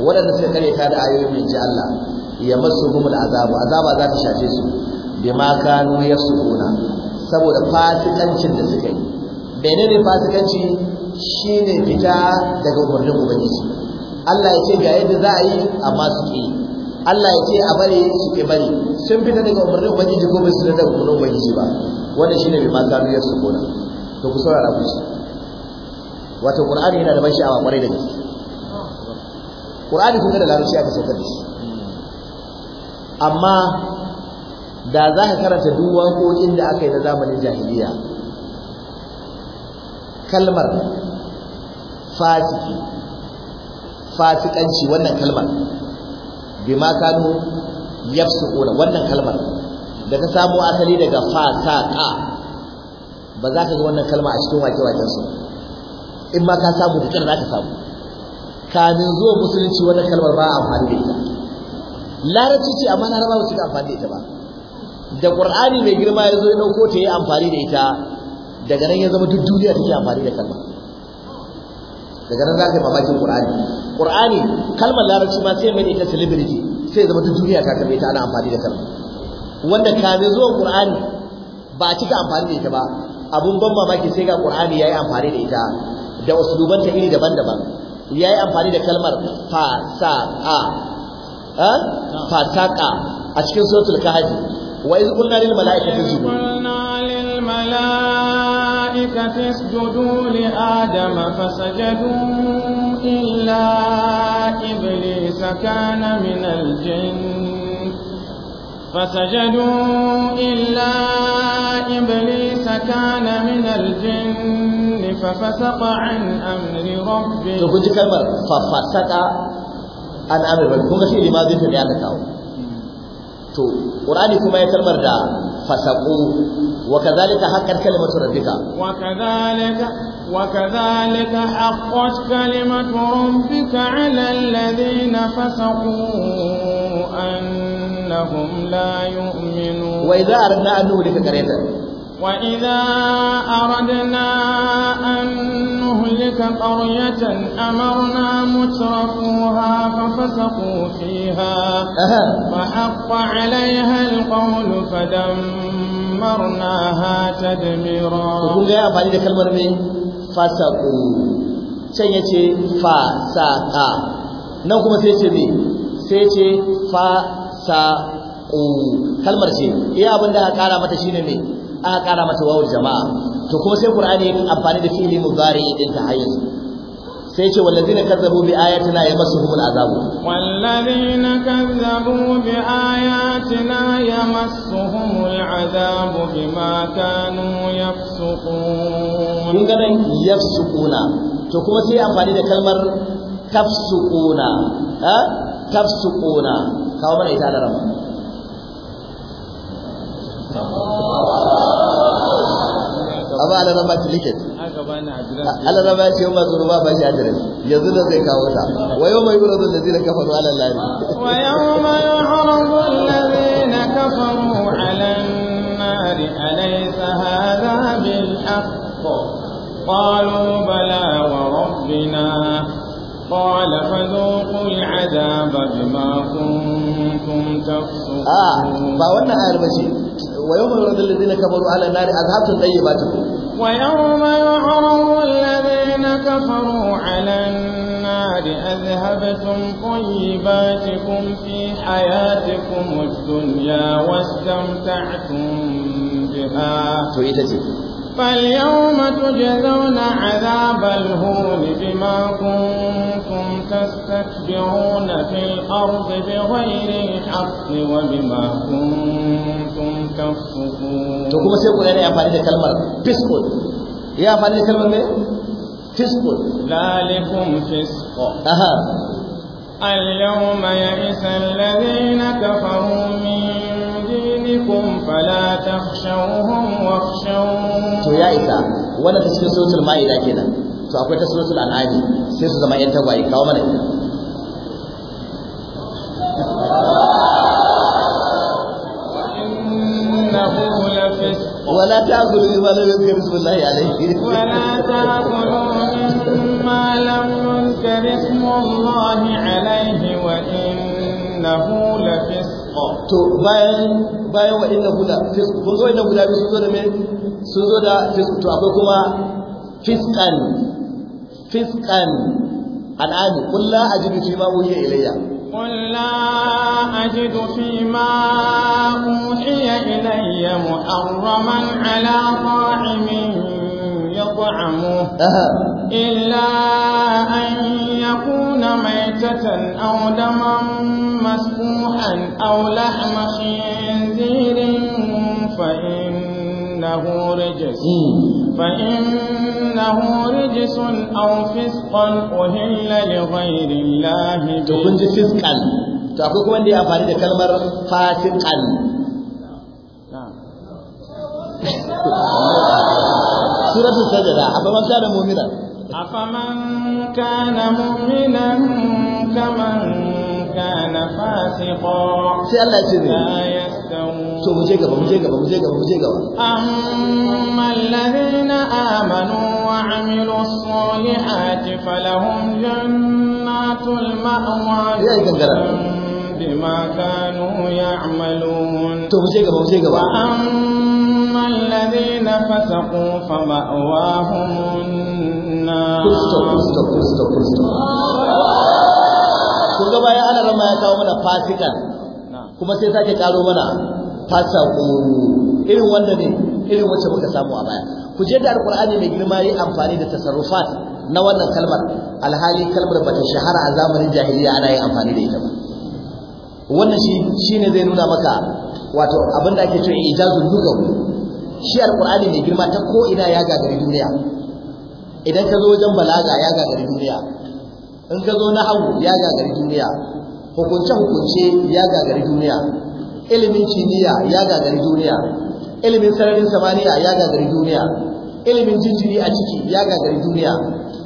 wadanda suka karyata da ayoyin mai ji Allah yamassuhum azabu, azaba za ta shafe su bima kanu yafsuqun saboda fasikancin da suka yi bene ne fasikanci shine fita daga umarnin ubangiji Allah ya ce ga yadda za a yi amma su ke Allah ya ce a bari su ke bari sun fita daga umarnin ubangiji ko ba su daga umarnin ubangiji ba wannan shine bai mata nuyar su kona to ku saurara ku ci wato qur'ani yana da ban sha'awa kwarai da gaske qur'ani kun da larabci aka saukar da shi amma da za ka karanta duk waƙoƙin da aka yi na zamanin jahiliya kalmar fasiki fasikanci wannan kalmar bima kanu yafsukuna wannan kalmar da ta samu asali daga fasaka ba za ka ga wannan kalma a cikin wake-waken su in ma ka samu da za ka samu kamin zuwa musulunci wannan kalmar ba amfani da ita larabci ce amma na rabawa su amfani da ita ba da qur'ani mai girma ya zo ya dauko ta yi amfani da ita daga nan ya zama duk duniya take amfani da kalmar daga nan za ka yi mamakin ƙur'ani ƙur'ani kalmar larabci ma sai mai ita celebrity sai zama ta duniya ta kame ta ana amfani da kalmar wanda kame zuwan ƙur'ani ba a cika amfani da ita ba abun ban mamaki sai ga ya yi amfani da ita da duban ta iri daban-daban Ya yi amfani da kalmar fa a cikin suratul kahfi wa iz qulna lil mala'ikati isjudu الملائكة اسجدوا لآدم فسجدوا إلا إبليس كان من الجن فسجدوا إلا إبليس كان من الجن ففسق عن أمر ربه. تقول كلمة ففسق عن أمر ربه، كون شيء لماذا في بيانك to qur'ani kuma ya kalmar da fasaqu wa kadhalika haqqat kalimatu rabbika wa kadhalika wa kadhalika haqqat kalimatu rabbika 'ala alladhina fasaqu annahum la yu'minun wa idza aradna an nuhlika qaryatan وإذا أردنا أن نهلك قرية أمرنا مترفوها ففسقوا فيها فحق عليها القول فدمرناها تدميرا وكل جاء بعد ذلك المرمي فسقوا سيأتي فسقا نوكم سيأتي سيأتي فسقوا kalmar ce iya abin da aka kara mata shine ne aka ƙara mata wawul jama'a to kuma sai qur'ani ya amfani da fi'li mudari din ta hayyuz sai ce wallazina kazzabu bi ayatina yamassuhumul azab wallazina kazzabu bi ayatina yamassuhumul azab bima kanu yafsuqun kun ga nan yafsuquna to kuma sai amfani da kalmar tafsuquna ha tafsuquna kawo mana ita da rama amma alarama ticket alarama ya ce yau masu ruwa ba shi adres yanzu da zai kawo ta wa yau mai yuradun da zina kafaru ala lari wa yau mai yuradun da zina kafaru ala nari alaisa hada bil haqqo qalu bala wa rabbina قال فذوقوا العذاب بما كنتم تفسقون اه ba wannan ayar bace ويوم يعرض الذين كفروا على النار أذهبتم طيباتكم ويوم يعرض الذين كفروا على النار أذهبتم طيباتكم في حياتكم الدنيا واستمتعتم بها فاليوم تجزون عذاب الهون بما كنتم تستكبرون في الأرض بغير الحق وبما كنتم تفسقون to kuma sai ku ne amfani da kalmar fiskul ya amfani da kalmar me fiskul zalikum fisq aha al-yawma يخشوكم فلا تخشوهم واخشون تو يا إسا وانا تسكي سورة المائدة كده تو أقوى تسورة الأنعام سيسو زمان ينتبعي كاومنا إنه لفسق ولا تأكلوا مما لم يذكر اسم الله عليه ولا تأكلوا مما لم يذكر اسم الله عليه وإنه لفسق to bayan bayan wa inna guda fisq zo inna guda biyu sun zo da me sun zo da fisq to akwai kuma fiskan fiskan al'ani qul la ajidu fi ma uhiya ilayya قل لا أجد ma أوحي إلي محرما على طاعم وطعمه إلا أن يكون ميتة أو دما مسفوحا أو لحم خنزير فإنه رجس فإنه رجس أو فسقا أهل لغير الله به فسقا to akwai kuma wanda ya amfani da kalmar fasikan suratul sajda afaman kana mu'mina afaman kana mu'minan kaman kana fasiqa sai Allah ya ce ne to mu je gaba mu je gaba mu je gaba mu je gaba ammal ladina amanu wa amilus a falahum jannatul ma'wa ya أما الذين فسقوا فمأواهم النار kun ga bayan ana rama ya kawo mana fasika kuma sai sake karo mana fasaku irin wanda ne irin wacce muka samu a baya ku je da alqur'ani mai girma yi amfani da tasarrufat na wannan kalmar alhali kalmar bata shahara a zamanin jahiliya ana yin amfani da ita ba wannan shi ne zai nuna maka wato abin da ake cewa ijazul lugawi shi alqur'ani mai girma ta ko ina ya gagari duniya idan ka zo wajen balaga ya gagari duniya in ka zo nahawu ya gagari duniya hukunce hukunce ya gagari duniya ilimin kimiyya ya gagari duniya ilimin sararin samaniya ya gagari duniya ilimin jinjiri a ciki ya gagari duniya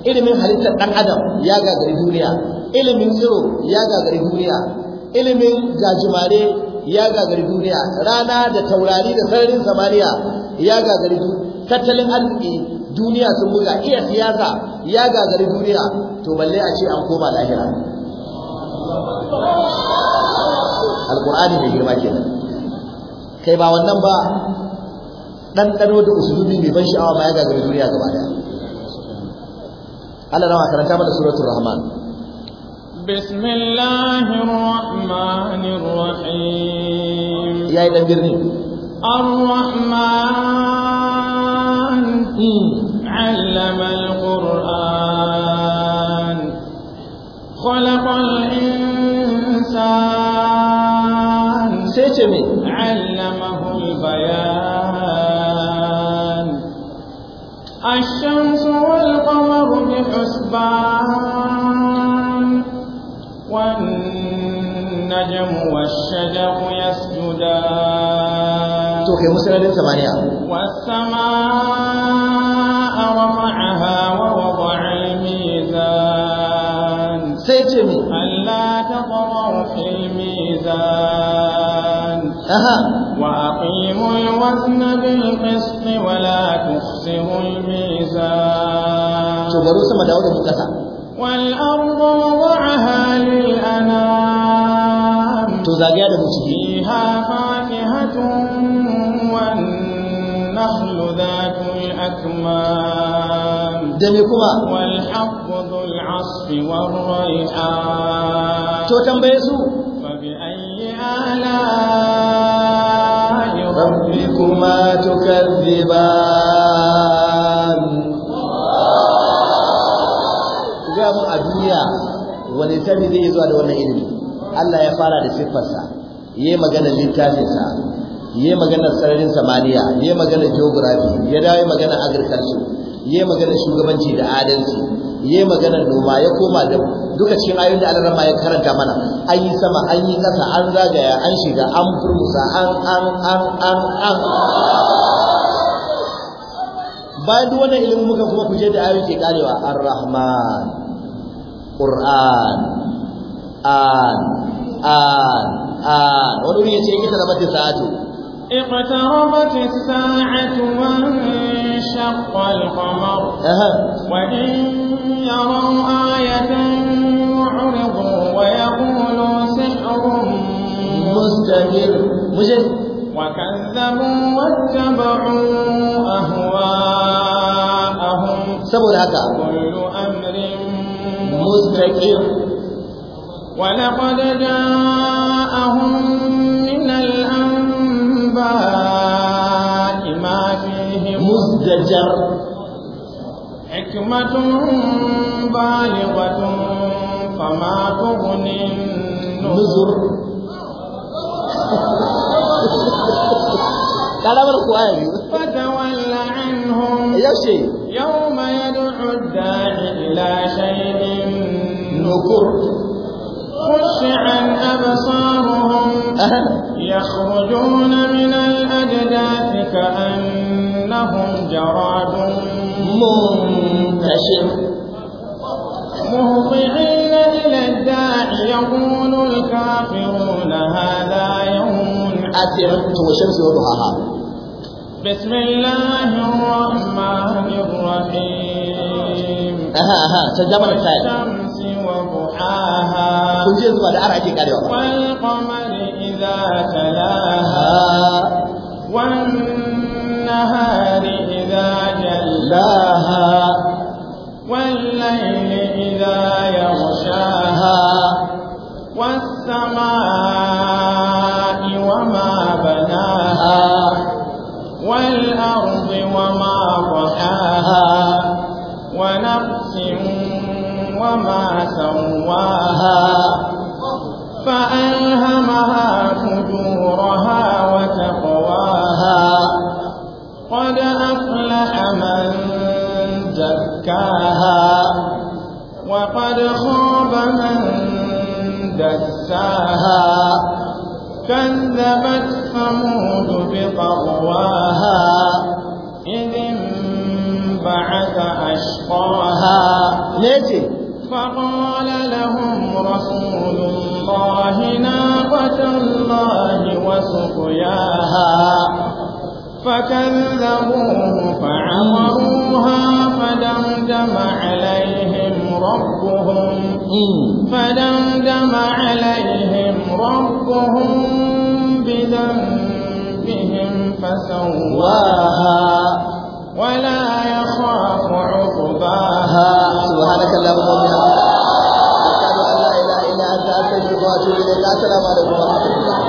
ilimin halittar ɗan adam ya gagari duniya ilimin tsiro ya gagari duniya ilimin gajimare ya gagari duniya rana da taurari da sararin samaniya ya gagari tattalin arziki duniya sun buga iya siyasa ya gagari duniya to balle a ce an koma lahira alqur'ani mai girma kenan kai ba wannan ba ɗanɗano da usulubi mai ban sha'awa ba ya gagari duniya gaba daya Allah nawa karanta mana suratul rahman بسم الله الرحمن الرحيم يا إلى جرني الرحمن علم القرآن خلق الإنسان سيتمي علمه البيان الشمس والقمر بحسبان والشجر يسجدان to kai musalin ثمانية والسماء رفعها ووضع الميزان سيتمي ألا تطغوا في الميزان أها وأقيموا الوزن بالقسط ولا تخسروا الميزان شو بروسة ما داود والأرض وضعها للأنام zagaya da mutum ha fakihatun wan nahlu kuma wal asfi to tambaye su a duniya wani tabi zai zuwa da wannan ilimi Allah ya fara da siffarsa yayi magana littafinsa yayi magana sararin samaniya yayi magana geography ya dawo magana agriculture yayi magana shugabanci da adalci yayi magana noma ya koma da duka cikin ayoyin da Allah ya karanta mana an yi sama an kasa an zagaya an shiga an furusa, an an an an an bayan duk wannan ilimin muka kuma kuje da ayoyi ke karewa ar-rahman qur'an آن آن آن ونوري يشيك اقتربت الساعة اقتربت الساعة وانشق القمر وإن يروا آية يعرضوا ويقولوا سحر مستمر مجد وكذبوا واتبعوا أهواءهم سبوا كل أمر مستقر ولقد جاءهم من الأنباء ما فيه مزدجر حكمة بالغة فما تغني النذر فتول عنهم يوم يدعو الداعي إلى شيء نكر أبصارهم يخرجون من الأجداث كأنهم جراد منتشر مهضعين إلى الداع يقول الكافرون هذا يوم عسر وضحاها بسم الله الرحمن الرحيم أها أها ترجمة الخير ضحاها kun je zuwa da ara ake karewa wal qamari idza talaha wan nahari idza jallaha wal layli idza yaghshaha was samaa'i wama banaha wal ardi wama طحاها ونفس وما فكذبوه فعمروها فدمدم عليهم ربهم فدمدم عليهم ربهم بذنبهم فسواها ولا يخاف عقباها سبحانك اللهم وبحمدك أشهد أن لا إله إلا أنت أستغفرك وأتوب إليك السلام عليكم ورحمة الله